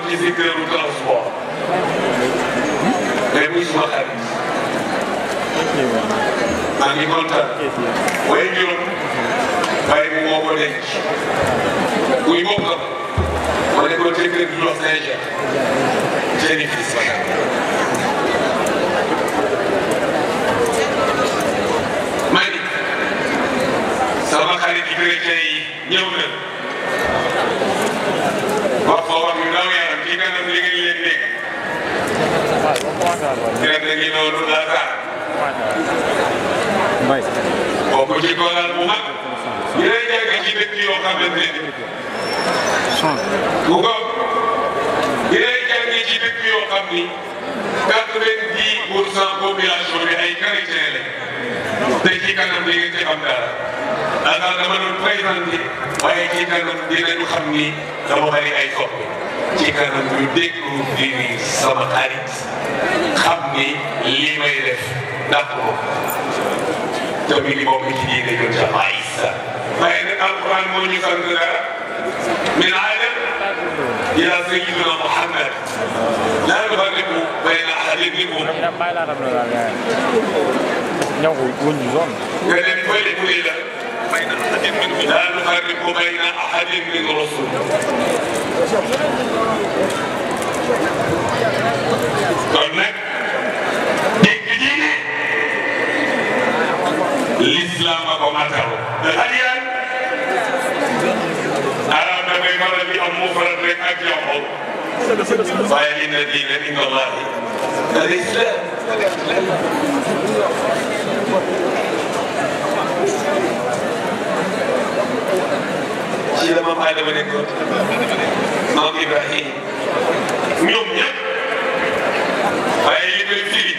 faciliteeru transport mais muy suma xarit maa ngi kontaan waaye juróom bàyyi bi moo ko denc buy boppam ma ne ko jëkkër di dox Saint-Jean jëriñ fi sama maa ngi sama xarit yi chrétien yi ñëw na wax ko wax yu daw yaram ci kanam li ngeen leen dégg. keneen da ngeen doon dund ak kaar. bokk ci góoral bu mag. ñu lay jàng ci dëkk yoo xamante ne. bu ko. ñu lay jàng ci dëkk yoo xam ni. quatre-vingt-dix pour cent population bi ay chrétien lañ te ci kanam li nga ci am dara daanaka dama doon présenté waaye ci kanam dinañu xam ni dama bari ay soppi ci kanam ñu découvrir sama xarit xam ni li may def dàq ko te mi ngi bokk ci diine jot a maïs. waaye nag alquran moo ñu sant min adam يا سيدنا محمد لا نفرق بين أحد منهم ولا لا نفرق بين أحد من رسل طيب، mooy malal bi am mu faral rek ak jàmmoo waaye inna diina inda allahi al islam ci la maam Adama nekkoon maam Ibrahima ñoom ñëpp waaye li koy firi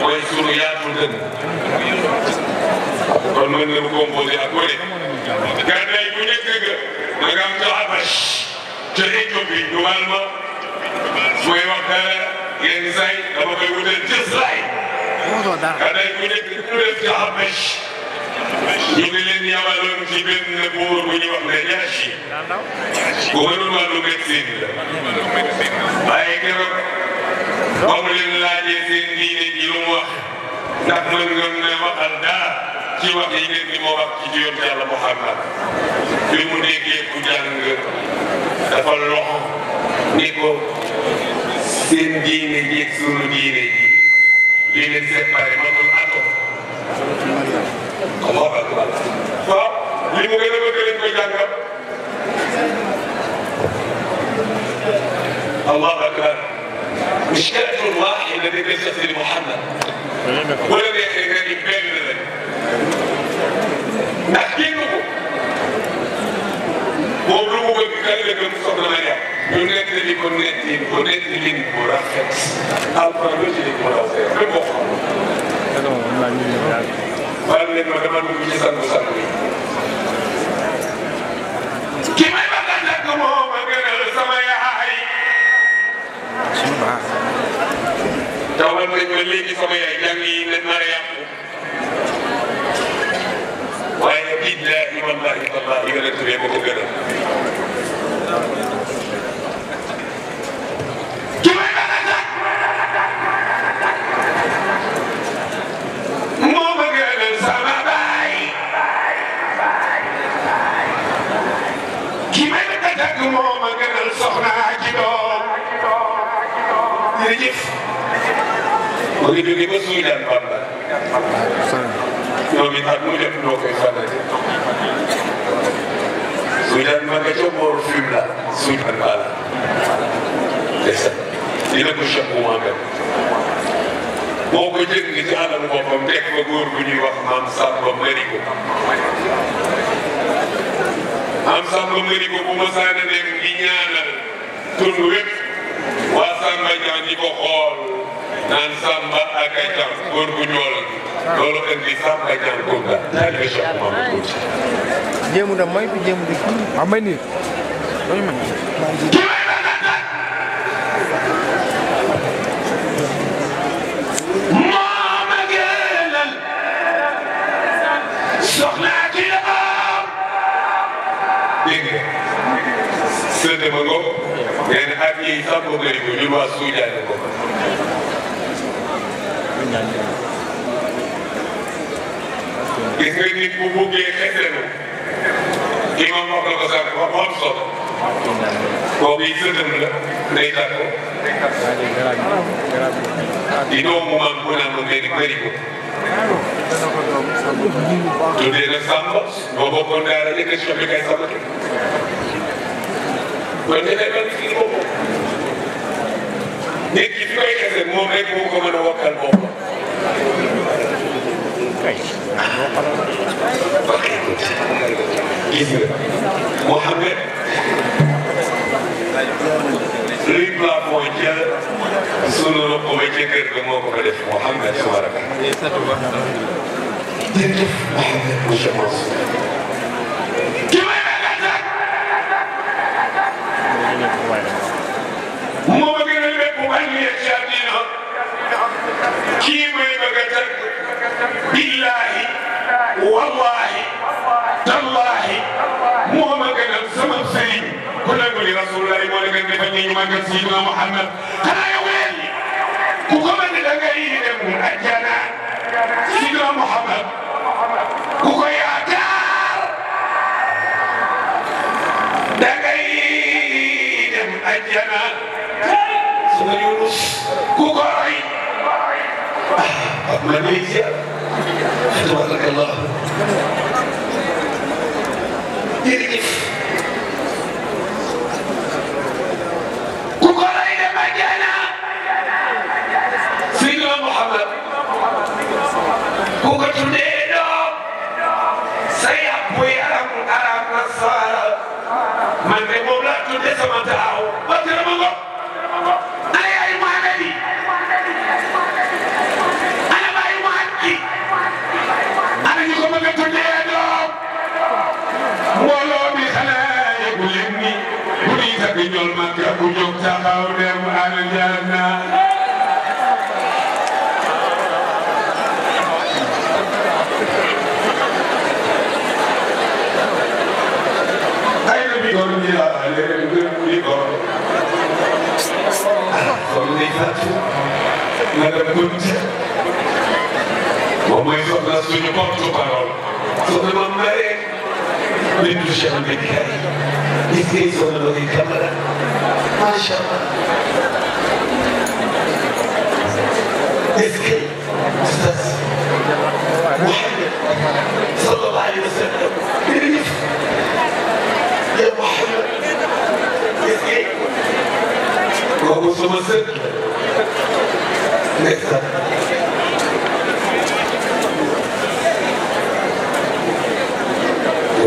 mooy sunu yaatu dënn kon mën na mu composé ak ku ne gànnaay bu nekk nga yagam to abash te Éthiopie ñu baal ma mooy wax dara yenn saay dama koy wutal jës laay kaday ku nekk ku def ci abash ñu ngi leen yabaloon ci benn buur bu ñu wax ne Jaashi ku mënul wàllu médecine la waaye keroog ba mu leen laajee seen diine ji lu mu wax ndax mën nga ne waxal dara ci wax yi ngeen di moo wax ci diyoon yàlla Muhammad bi mu déggee ku jàng dafa lox ni ko seen diine ji ak sunu diine ji li leen séparé matul atom waaw li mu gën a bëgg leen ko jàngal allahu akbar mushkilatun waahida bi Seydi Muhammad bu la neexee nga ni benn ndax génn ko boobu lu mu bëgg ëllëgam soxna ma neex ñu nekk li ko nekk li ko nekk li ko rafet alxuraan la ci li ko rafet ba bokk baal leen ma dama dugg ci sangu sangu yi ki may bàttal nag moo ma gënal sama yaay tawal nañ ma léegi sama yaay jàng yi ne Mariam wallahi wallahi yonent bi ma ko gënal jërëjëf mu ngi jóge ba suñu daan Bamba ñoom it at mu jot noo koy fàttali Wilani wangechomba fimla suipalipala lesa dinakushakku mangam boo ko jëng ci alalu boppam teg fa góor bu ñuy wax maam Samba Marigo maam Samba Marigo bu ma saana dem di ñaanal tund wépp waa Samba Jaan di ko xool naan Samba ak ay góor bu ñool loolu islam ay jànkuwul la. jaajëf Cheikh di gis nga nit bu buggee xeselu imam wax na ko sànq wax bu am solo kooku yi sëtëm la day tàkk di doomu maam bu naan moom benn këri ko tuddee na Samba boo bi kay Samba ki kon defee man si li boppam nit ki moo ko mën a wakkal kay. gis nga Mouhamed luy plafond ca sunu robo ba ca kër ga moo ko fa def Mouhamed Soumaraka. jërëjëf Mouhamed monsieur Mansour. Mo billaahi wallaahi tallaahi moo ma gënal sama sëriñ ku nangu li rasulullaahi moo la gën defal ñu ñu màggal Seydina Muhammad xanaa yow weel ku ko mën da ngay dem ajjana Seydina Muhammad ku ko yaakaar da ngay dem ajjana Seydina Yunus ku ko roy ah, tabarakallah jërëjëf ku ko rey dem àjjana Seydina Muhammad ku ko tuddee doom sa yàpp yaram arab na saara man de moom laa tuddee sama taaw ba tëra ma ngoog yool Makka bu jóg taxaw dem aljanna madame Kounta moom mooy soxna suñu porte-parole soxna Mame Marie Bir siamo americani, gli scritti sono di camera, mashallah. Eski Üstad Muhammed sallallahu aleyhi ve sellem birimiz ya Muhammed eski namusumuzu ne kadar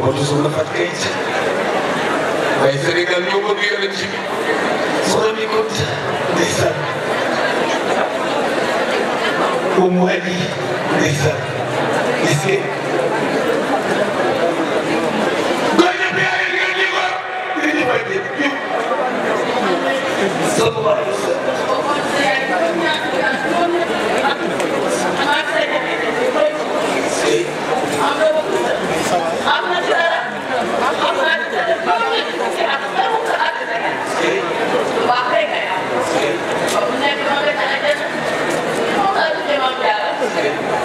moo ci soxna Fatou Kayit waaye Sénégal ñoo bëgg yonent bi soxna mi ko ndeysaan Umu Ali ndeysaan gis ngeen goyna bi ay ngeen di war di ñu bañ ñu sallallahu alayhi wa sallam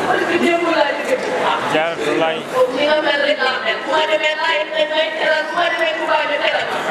bëgg démb laa jóge Touba. jaaraatu laay. ni nga mel rek laa mel bu ma demee laay nañ may teral bu ma demee Touba ñu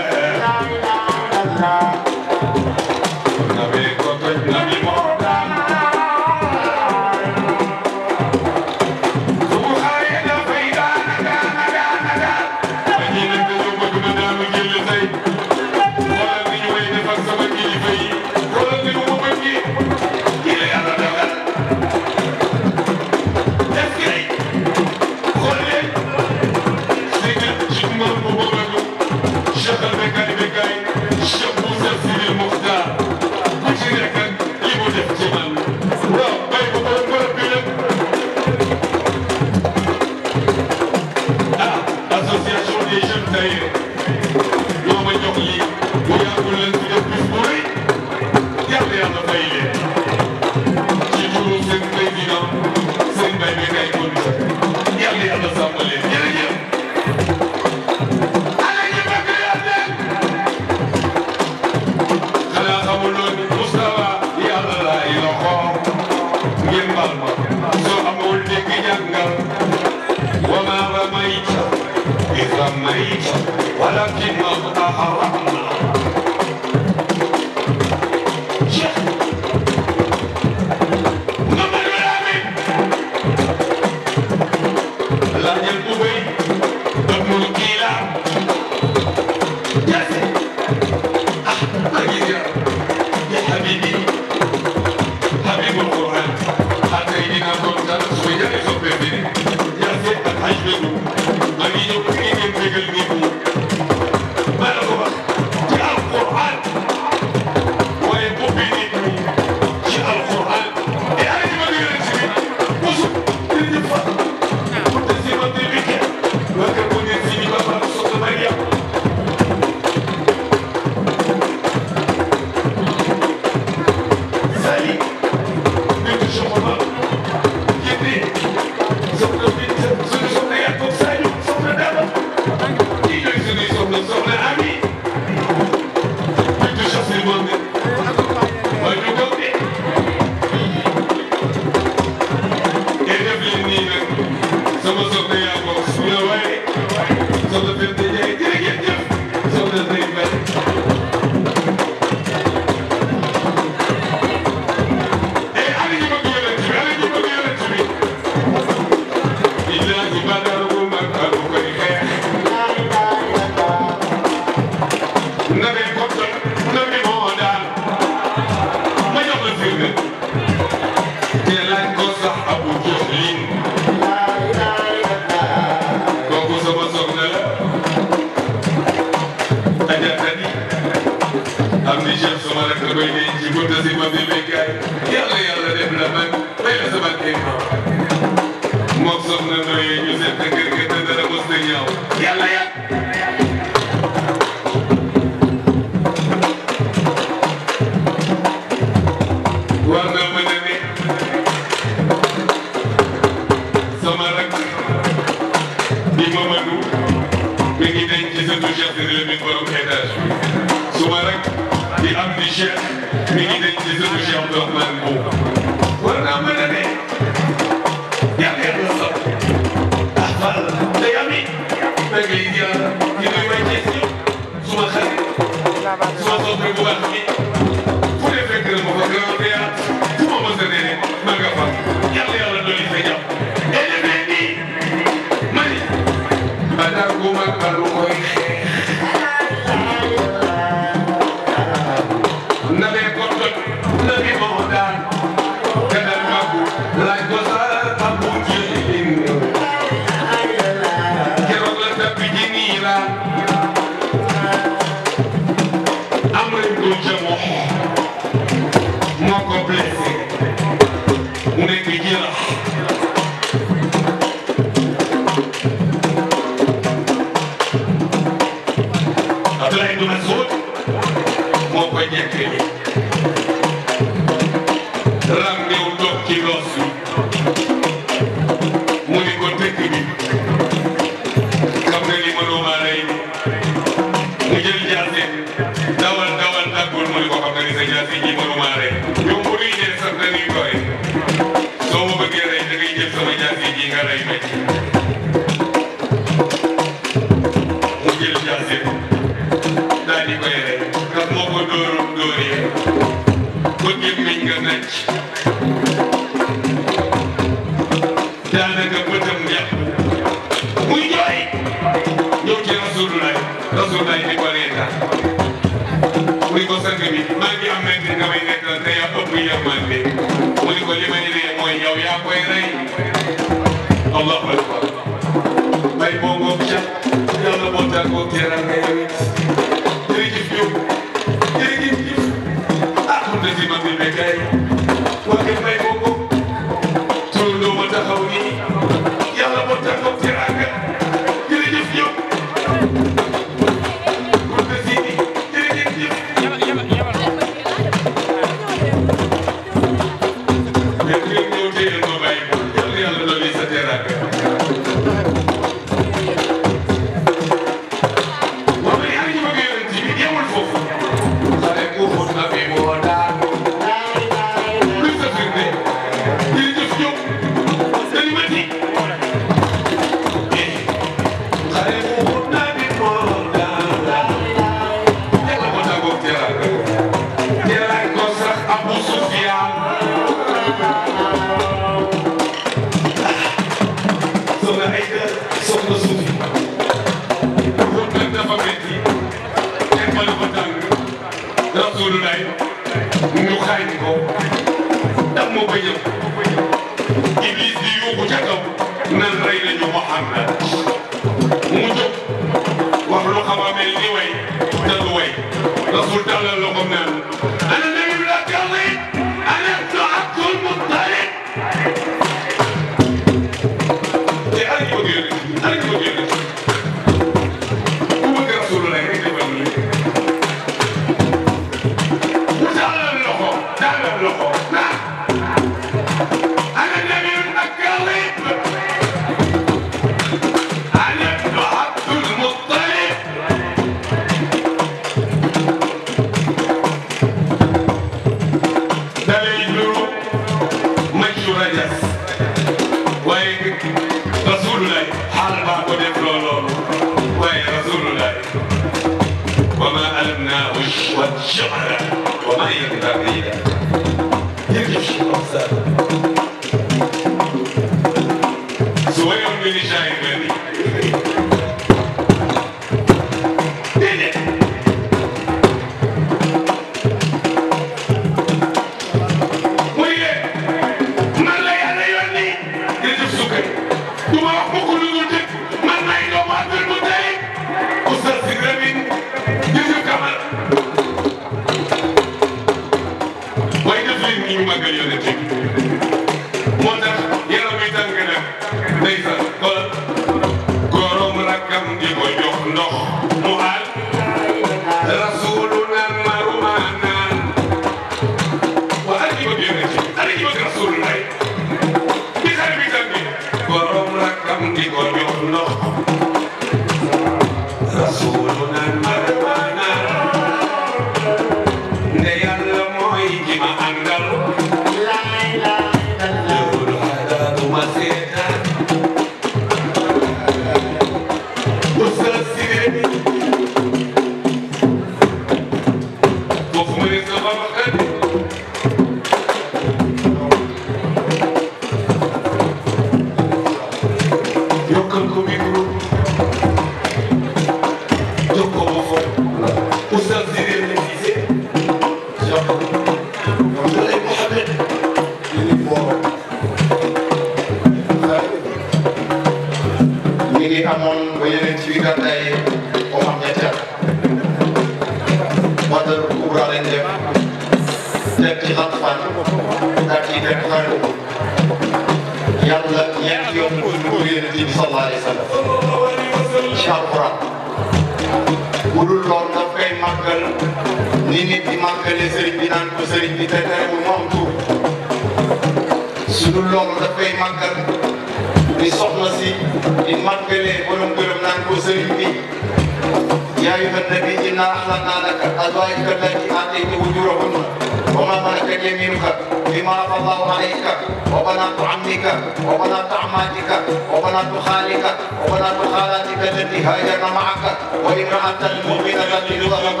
وإنما معك وإن أنت المؤمن الذي ضرب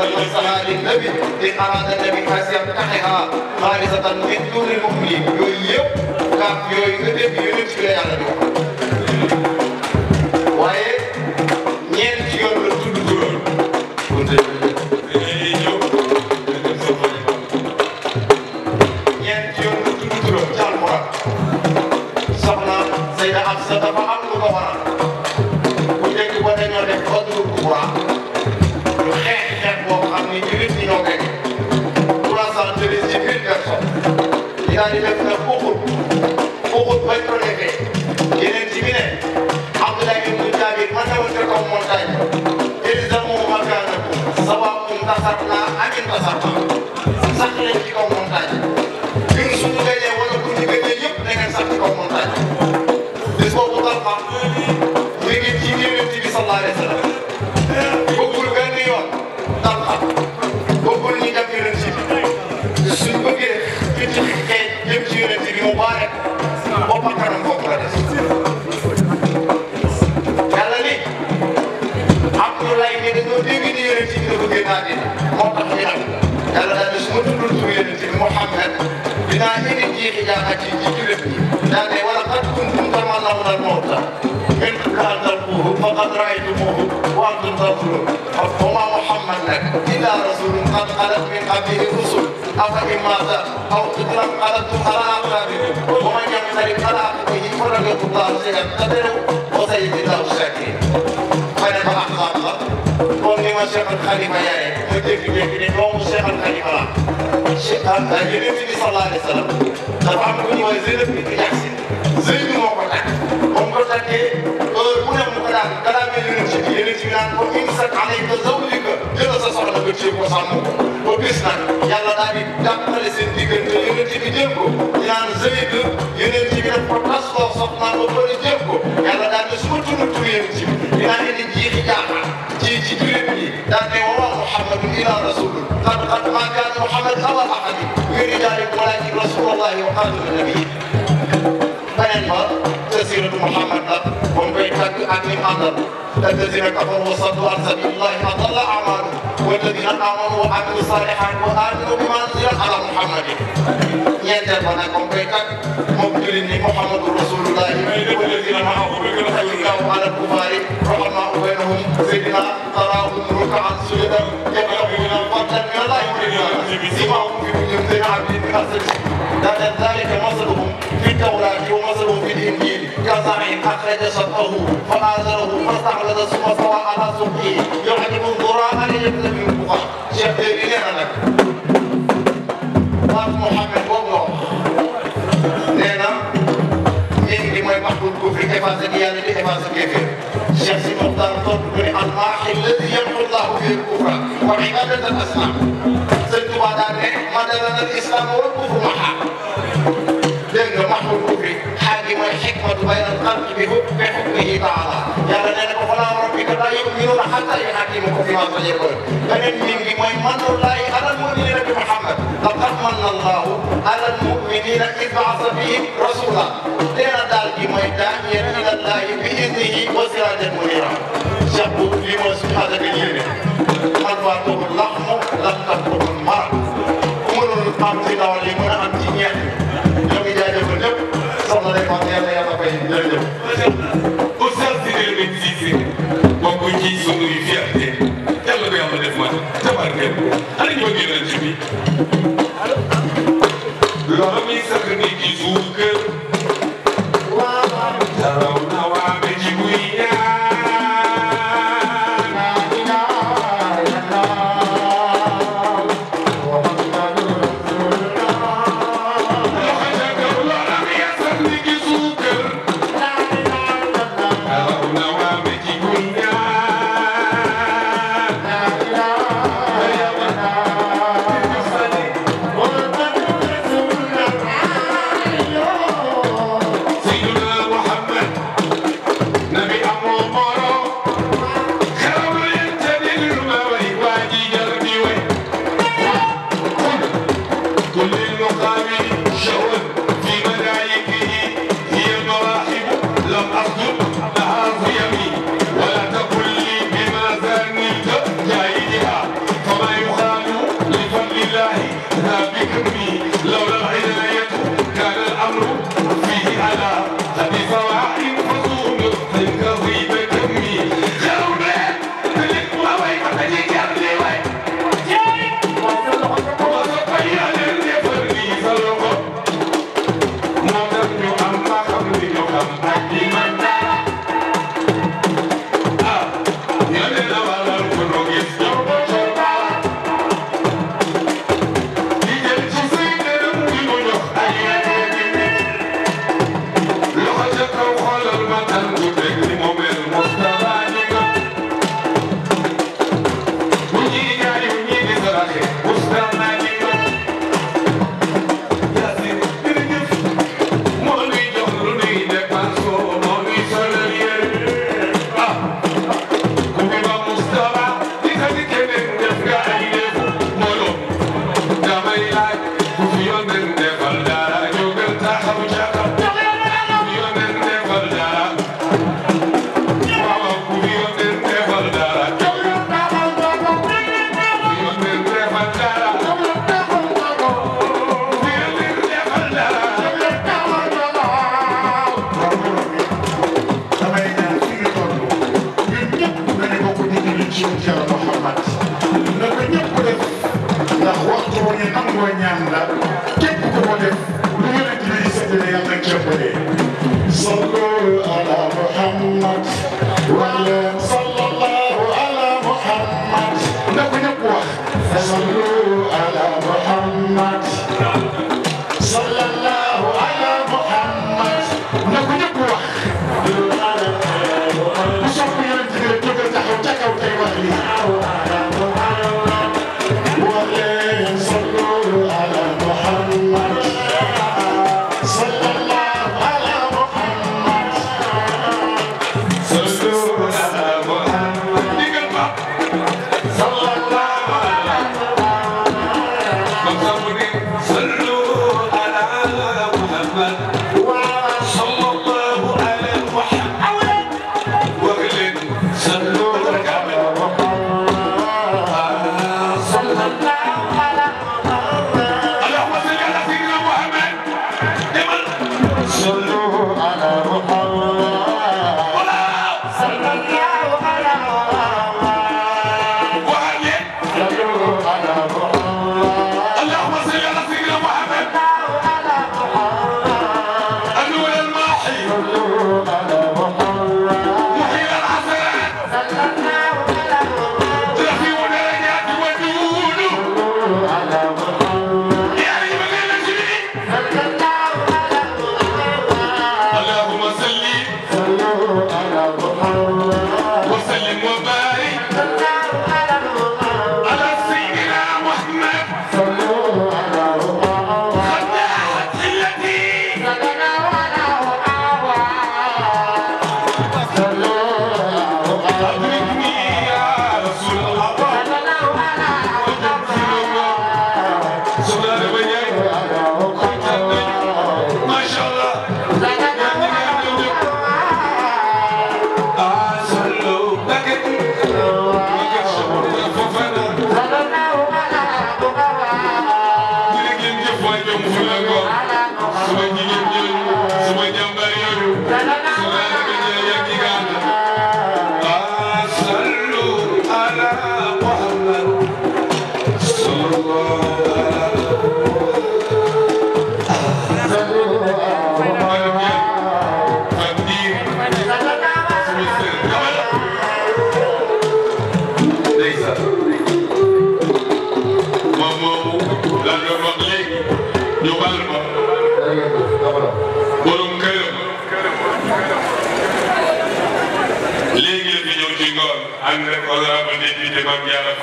للنبي إن أراد النبي أن خالصة من دون المؤمنين يوم يوم كاف يوم يوم يوم يوم دائما الزموا مكانكم سواء انتصرنا ام انتصرنا sax leen ci kaw montagne ñun suñu gënee wala bu ñu gënee yëpp da ngeen sax ci kaw montagne في خلافته جلبني لأن ولقد كنتم تمنون الموت من قبل أن تلقوه فقد رأيتموه وأنتم تنظرون وما محمد إلا رسول قد خلت من قبله الرسل أفإن مات أو قتلا قلبتم على أعقابكم ومن ينقلب على عقبه فلن يضر الله شيئا قدره وسيجزي الله الشاكرين فنبع أحزاب قدره قل لما إيه؟ شيخ الخليفة يا ريت من ذكر ذكر قوم الشيخ الخليفة yeneen bi sallallahu alayhi wa sallam dafa am lu ñuy wax Zeynab bi Jaxsi Zeynab moo ko takk moom ko takkee heure bu ne mu ko daan da daan mel ci bi yeneen ci ko imsak sa soxna nga téye ko sàmm ko ba bis nag yàlla daal di jàppale seen diggante yeneen ci bi jëm ko ñu naan Zeynab yeneen ci bi daf ko tas ko soxna ko yàlla daal di su ma tudd tur ci bi dinaa indi jiixi jaaxaan محمد الى رسول قد قد ما كان محمد أول أحد غير ذلك ولكن رسول الله وخاتم النبي بين ما تسيرة محمد هم بيتك اكل حضر الذين كفروا وصدوا عن سبيل الله أضل أعمالهم والذين آمنوا وعملوا الصالحات وآمنوا بما أنزل على محمد ينتهي بنا كم بيتك مقتل محمد رسول الله والذين معه خلقهم على الكفار رحماء بينهم سيدنا تراهم ركعا سجدا يبلغون فضلا من الله سماهم في وجوههم عبد من حسد لكن ذلك مصرهم في التوراة ومصرهم في الإنجيل كزرع أخرج شطه فآزره فاستحلل ثم استوى على سوقه يعلم الذراء ليبلغ من شهر حفاظ الديانه لحفاظ الكفر الشيخ سي مختار طب الاضاحي الذي يمحو الله فيه الكفر وعباده الاصنام سيد بادار مدلنا الاسلام والكفر محا دنگ محو الكفر gi mooy xikmatu bayna xalqi bi hukmi hukmihi taala yàlla nee na ko falaa rabbika laa yu'minuuna hattaa yuhakkimuuka fiimaa shajara baynahum beneen min gi mooy mannullaahi alal mu'miniina bi Muhammad laqad manna Allaahu alal mu'miniina idh ba'atha fihim rasuulan nee na daal gi mooy daa'iyan ilallaahi bi iznihi wa siraajan muniiran li mooy suñu xasee bi yéene man waa toogul laxmu lan tax toogul mara ku mënul am ci ndawal li mën a am ci ñeent muy ci suñuy fierté yàlla ko yàlla def man tabarkeel ana ñu bëgg yonent bi loxo mi sax ni ci suukar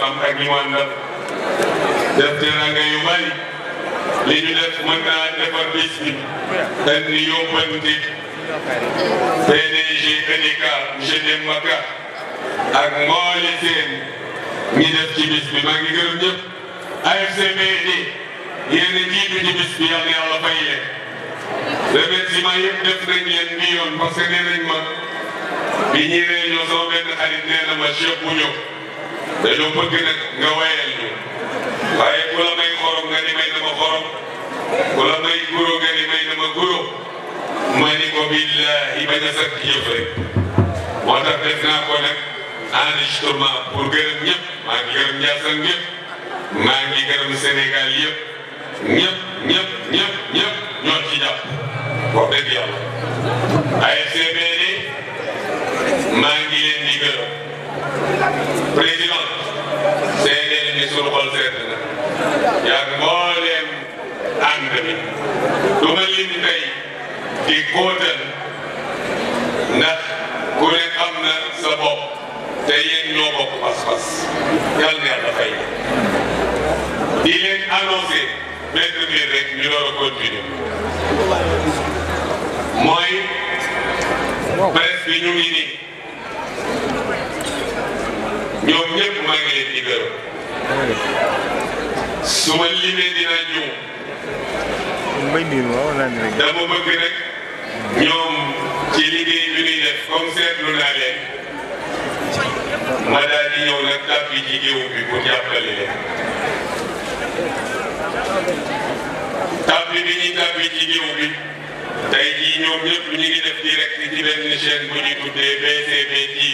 am ak ñi mu àndal def teranga yu bari li ñu def mën naa defar bis bi indi yóbbanti PDG PDK monsieur Demba Ka ak mboole seen ñi def ci bis bi maa ngi gërëm ñëpp AFCPD yéen a jiitu ci bis bi yàlla yàlla fay leen remerciement yëpp def nañ leen bi yoon parce que nee nañ ma bi ñuy réunion sama benn xarit nee na ma chef bu ñëw dañoo bëgg nga wayal ñu waaye ku la may xorom nga ni may na ma xorom ku may guro nga ni na ma guro ma ni ko billaahi bañ a sakk yëf rek moo tax def naa ko nag enregistrement pour gërëm ñëpp maa ngi gërëm Ndiassane ñëpp maa ngi gërëm Sénégal yëpp ñëpp ñëpp ñëpp ñëpp ñoo ci jàpp wax dëgg maa ngi leen di président day leen ni sunu xol sedd na yaag mbooleem ànd bi du ma lim tey di ku ne na sa bopp te yéen pas-pas yàlla na yàlla fay di leen annoncé benn mbir mooy presse bi ñu ngi nii ñoom ñëpp maa ngi di gërëm su ma limee dina juum dama bëgg rek ci liggéey bi ñuy def seetlu naa leen ma daal di ñëw nag ci géew bi pour jàppale leen tàbbi bi ñuy tàbbi ci géew bi tey jii ñoom ñëpp ñu ngi def direct ci benn chaîne bu ñu tuddee BCB TV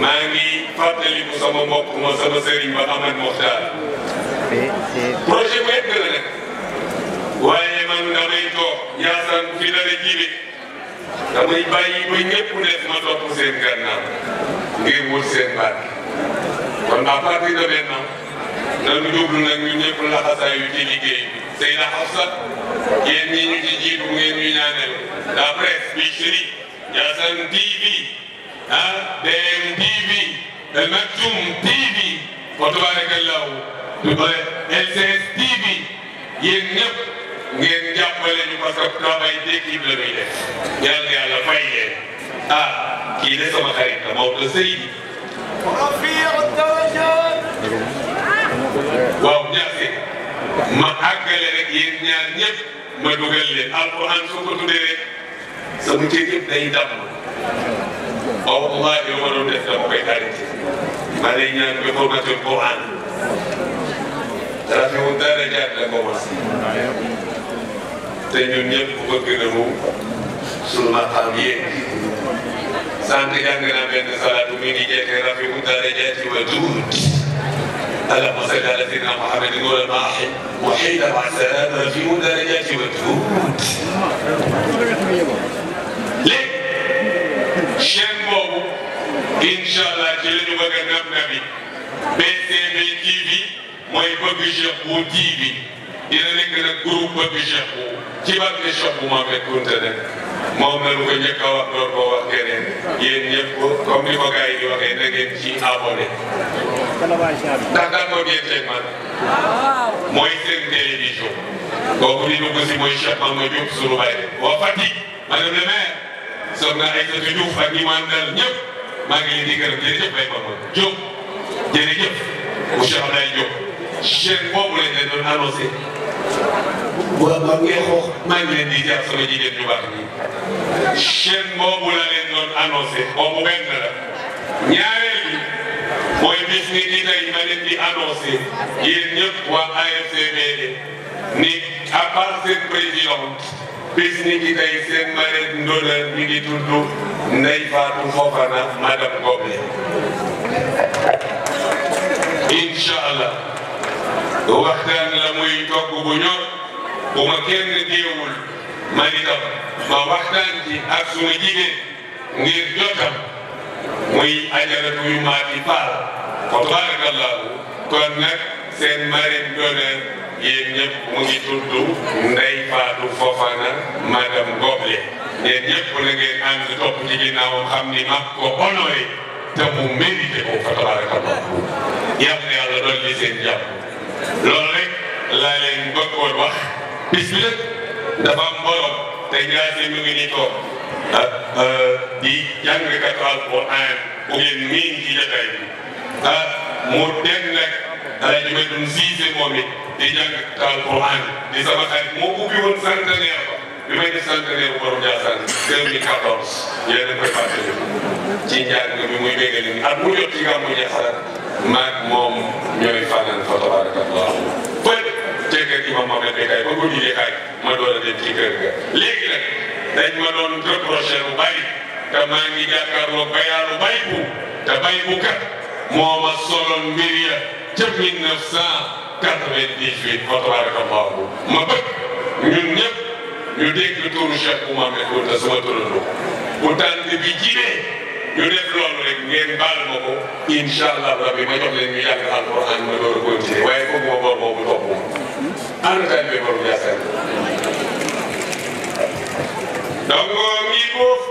maa ngi fàttaliku sama mbokk ma sama sëriñ ba Amad Moxtaar projet bu egg la nag waaye man damay toog yaasaan fi dara jibe damay bàyyi ba ñëpp def ma topp seen gànnaaw ngir wut seen baat kon à partir de maintenant dañu jublu nag ñu ñëpp laxasaayu ci liggéey bi Seyda Hafsa yéen ñi ñu ci jiitu ngeen ñu ñaanal la presse bi Chérif Ndiassane ah DN TV El Maktoum TV wa tabarakallahu du bële LCS TV yéen ñëpp ngeen jàppale ñu parce que travail d'équipe la muy def yal na yàlla fay leen ah kii de sama xarit la Maodo Seydi waaw merci ma àggale rek yéen ñaar ñëpp ma dugal leen alquran su ko tuddee rek sama cër yëpp day damm o wallahi o waɗon ɗeflam koye arite mbaɗe ñaan ɓe hormate ko an rafi o daradiat la commencé te ñun ñëpp ko bëggna mum sunu maqam yeegi sant jàngna benn salatu mi ngi jeete rafi u daradiati wa duud اللهم صل على سيدنا محمد نور الماحي وحيد مع السلام في درجات والجود ليه incha allah ci la ñu bëgg a gëm gami BCB TV mooy bëgg Cheikh Bou TV dina nekk nag groupe bëgg Cheikh Bou ci barke Cheikh Bou Mame Kounta nag moom la ñu ko a wax door koo wax keneen yéen ñëpp comme ko gars yi di waxee na ngeen ci abonné ndax d'accord ngeen man mooy seen télévision kooku di dugg si mooy Cheikh Mamadou Diop sunu baay wa Fatick madame le maire soxna Aïssatou Diouf ak ñi mu àndal ñëpp maa ngi leen di gërëm jërëjëf Baye Bamba Diop jërëjëf monsieur Abdoulaye Diop chef boobu lañ leen doon annoncé. waaw maa ngi xoox maa ngi leen di jaar sama jigéen ñu baax ñi chaîne boobu la leen doon annoncé boobu benn la ñaareel bi mooy bis ni di tey ma leen di annoncé yéen ñëpp waa AFCBD e. ni à part seen présidente bés ni ki tey seen marraine ndóolal mi ngi tudd Ndeye Fatou Fofana madame Ngobé incha allah waxtaan la muy togg bu ñor bu ma kenn déewul man itam ma waxtaan ci ak suma jigéen ngir jotam muy ajaratu yu maati faal fa tabaarakallahu kon nag seen marine d'honneur yéen ñëpp mu ngi tudd Ndeye Fatou Fofana madame Goble yéen ñëpp na ngeen ànd topp ci xam ni mag ko honoré te mu mérité ko fa tabarakallah yàlla na yàlla doon li seen jàpp loolu rek laa leen bëggoon wax bis bi nag dafa te ñaase mi ngi ni toog ah, euh, di jàngkatu alquran bu ngeen miin ci jotaay bi ah mu dem nag Alaaji Medoune Cissé moom it di jàng alquran di sama xarit moo ubbi woon centenaire ba bi may def centenaire borom Ndiassane 2014 yéen a koy fàttali ci njàng mi muy méngale ni mu jot ci gàmmu ñooy fanaan fa tabarakallah fët te ba ma doon a dem ci kër ga léegi ma doon reproché bu bari te maa ngi jàkkaarloo bayaaru bay bu te bay bu kat moo ma ca 1998 fa tabarakallahu ma bëgg ñun ñëpp ñu dégg turu Cheikh Oumar ne ko te sama turando bu tànn bi jibee ñu def loolu rek ngeen baal ma ko incha allah rabbi ma jox leen ñu yàgg alquran ma door a continuer waaye kooku ma bor boobu topp moom ànd tànnee borom Ndiassane. donc mi boof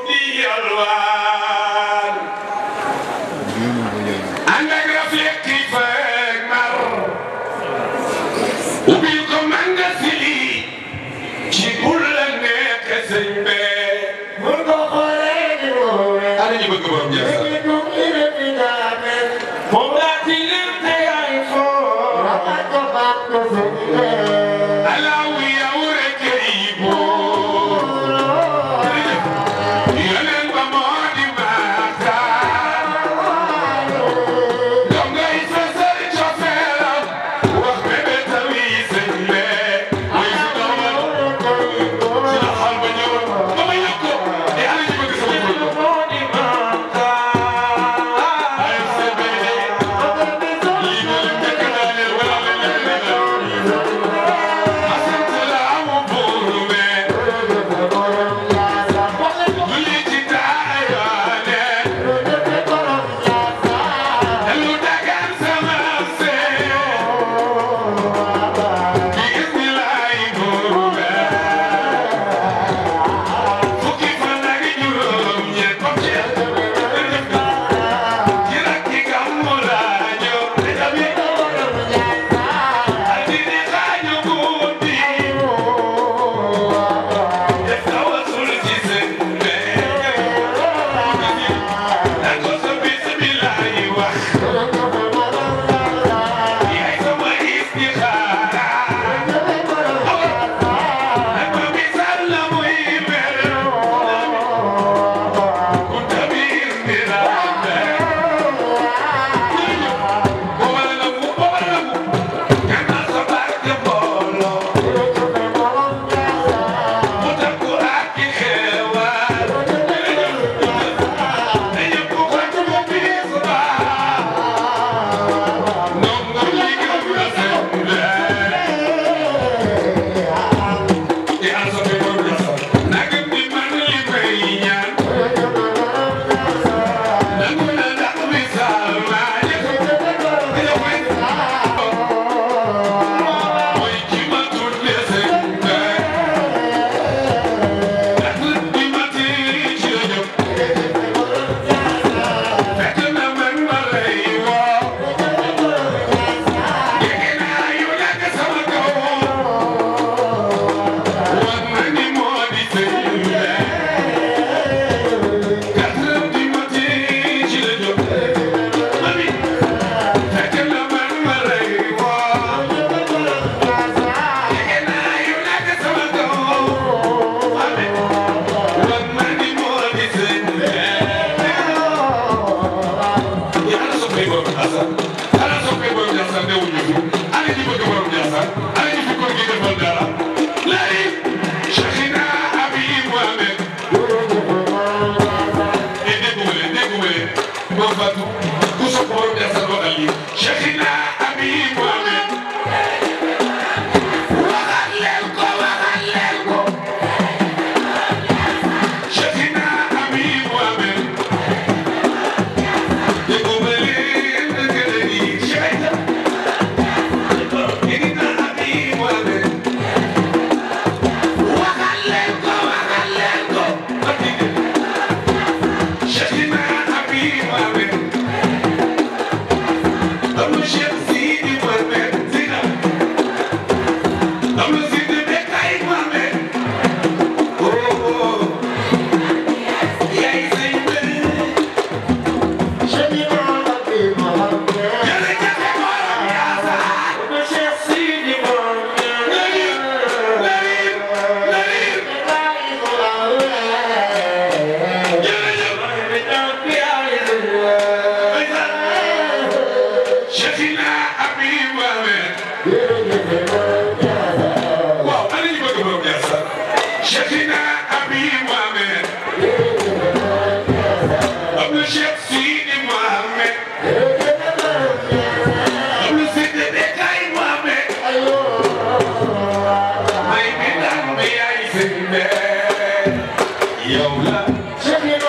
Zeg je